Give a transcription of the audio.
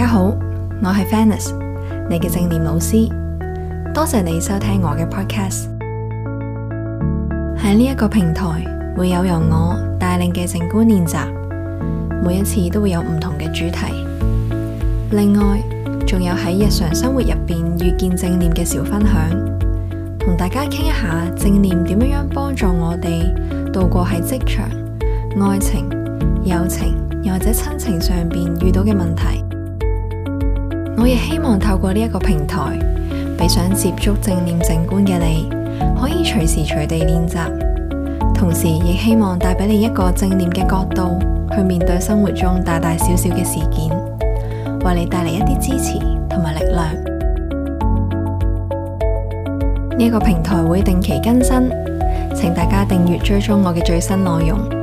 大家好，我係 Vanus，你嘅正念老師。多謝你收聽我嘅 podcast。喺呢一個平台會有由我帶領嘅正觀練習，每一次都會有唔同嘅主題。另外，仲有喺日常生活入面遇見正念嘅小分享，同大家傾一下正念點樣樣幫助我哋度過喺職場、愛情、友情又或者親情上面遇到嘅問題。我亦希望透過呢一個平台，俾想接觸正念正觀嘅你，可以隨時隨地練習，同時亦希望帶俾你一個正念嘅角度去面對生活中大大小小嘅事件，為你帶嚟一啲支持同埋力量。呢一個平台會定期更新，請大家訂閱追蹤我嘅最新內容。